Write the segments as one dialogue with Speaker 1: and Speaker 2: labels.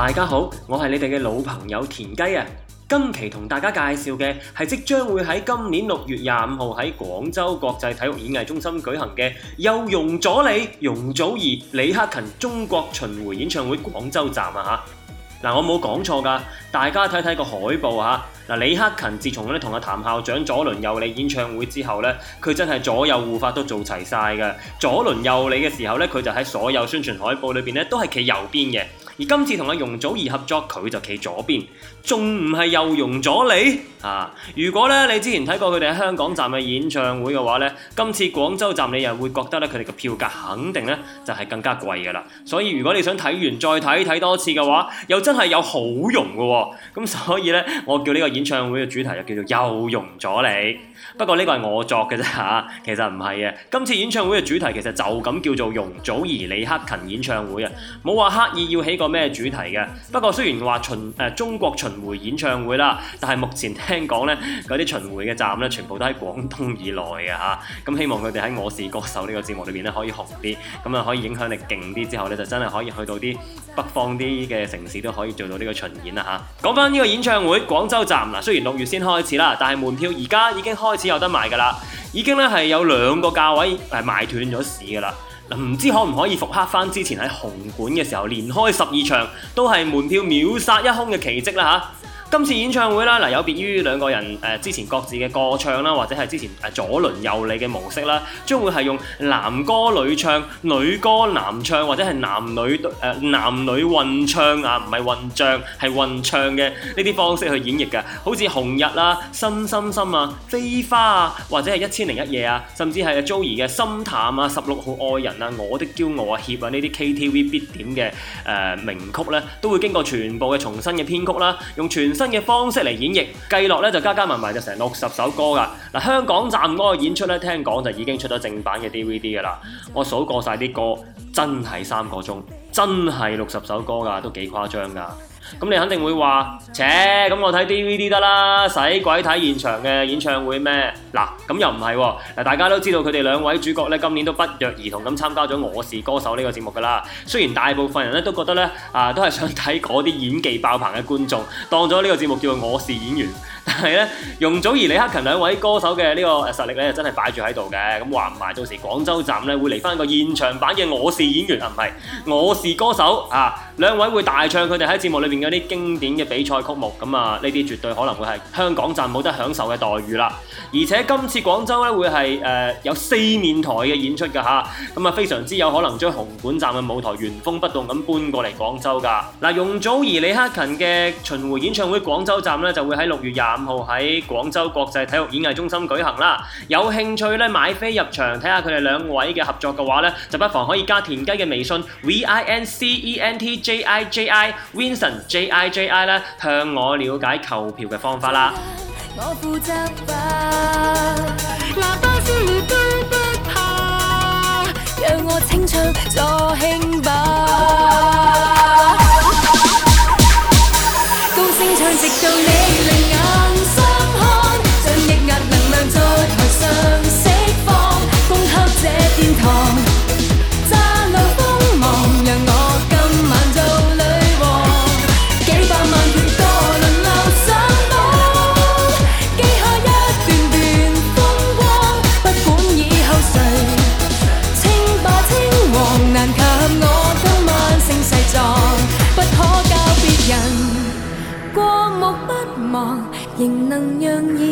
Speaker 1: 大家好，我係你哋嘅老朋友田雞啊！今期同大家介紹嘅係即將會喺今年六月廿五號喺廣州國際體育演藝中心舉行嘅《又容咗你》容祖兒李克勤中國巡迴演唱會廣州站啊！吓、啊、嗱，我冇講錯噶，大家睇睇個海報啊！吓、啊、嗱，李克勤自從咧同阿譚校長左麟右李演唱會之後咧，佢真係左右護法都做齊晒噶。左麟右李嘅時候咧，佢就喺所有宣傳海報裏邊咧都係企右邊嘅。而今次同阿容祖兒合作，佢就企左邊，仲唔係又容咗你啊？如果咧你之前睇過佢哋喺香港站嘅演唱會嘅話咧，今次廣州站你又會覺得咧佢哋嘅票價肯定咧就係更加貴噶啦。所以如果你想睇完再睇睇多次嘅話，又真係有好容嘅喎。咁所以咧，我叫呢個演唱會嘅主題就叫做又容咗你。不過呢個係我作嘅啫吓，其實唔係啊。今次演唱會嘅主題其實就咁叫做容祖兒李克勤演唱會啊，冇話刻意要起個咩主題嘅？不過雖然話巡誒中國巡迴演唱會啦，但係目前聽講咧嗰啲巡迴嘅站咧，全部都喺廣東以內嘅嚇。咁、啊、希望佢哋喺我是歌手呢、呢個節目裏邊咧可以紅啲，咁啊可以影響力勁啲，之後咧就真係可以去到啲北方啲嘅城市都可以做到呢個巡演啦嚇。講翻呢個演唱會廣州站啦，雖然六月先開始啦，但係門票而家已經開始有得賣㗎啦，已經咧係有兩個價位係賣斷咗市㗎啦。嗱，唔知道可唔可以復刻返之前喺紅館嘅時候，連開十二場都係門票秒殺一空嘅奇蹟啦。今次演唱會啦，嗱有別於兩個人誒、呃、之前各自嘅個唱啦，或者係之前誒左輪右里嘅模式啦，將會係用男歌女唱、女歌男唱，或者係男女誒、呃、男女混唱啊，唔係混帳係混唱嘅呢啲方式去演繹嘅，好似紅日啦，啊《深深深》啊、飛花啊，或者係一千零一夜啊，甚至係 Joey 嘅心淡啊、十六號愛人啊、我的驕傲啊、協啊呢啲 KTV 必點嘅誒、呃、名曲咧、啊，都會經過全部嘅重新嘅編曲啦、啊，用全新嘅方式嚟演繹，計落咧就加加埋埋就成六十首歌㗎。嗱，香港站嗰個演出咧，聽講就已經出咗正版嘅 DVD 㗎啦。我數過曬啲歌，真係三個鐘。真係六十首歌㗎，都幾誇張㗎。咁你肯定會話，扯，咁我睇 DVD 得啦，使鬼睇現場嘅演唱會咩？嗱，咁又唔係。嗱，大家都知道佢哋兩位主角呢，今年都不約而同咁參加咗《我是歌手》呢個節目㗎啦。雖然大部分人咧都覺得呢，啊都係想睇嗰啲演技爆棚嘅觀眾，當咗呢個節目叫做《我是演員》。係咧，容祖兒、李克勤兩位歌手嘅呢個誒實力咧，真係擺住喺度嘅。咁話唔埋，到時廣州站咧會嚟翻個現場版嘅《我是演員》啊，唔係《我是歌手》啊，兩位會大唱佢哋喺節目裏邊嗰啲經典嘅比賽曲目。咁啊，呢啲絕對可能會係香港站冇得享受嘅待遇啦。而且今次廣州咧會係、呃、有四面台嘅演出㗎嚇，咁啊非常之有可能將紅館站嘅舞台原封不動咁搬過嚟廣州㗎。嗱、啊，容祖兒、李克勤嘅巡迴演唱會廣州站咧就會喺六月廿五號喺廣州國際體育演藝中心舉行啦，有興趣咧買飛入場睇下佢哋兩位嘅合作嘅話咧，就不妨可以加田雞嘅微信 v i n c e n t j i j i v i n c e n t j i j i 咧向我了解購票嘅方法啦。仍能讓耳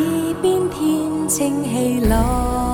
Speaker 1: 邊天清氣朗。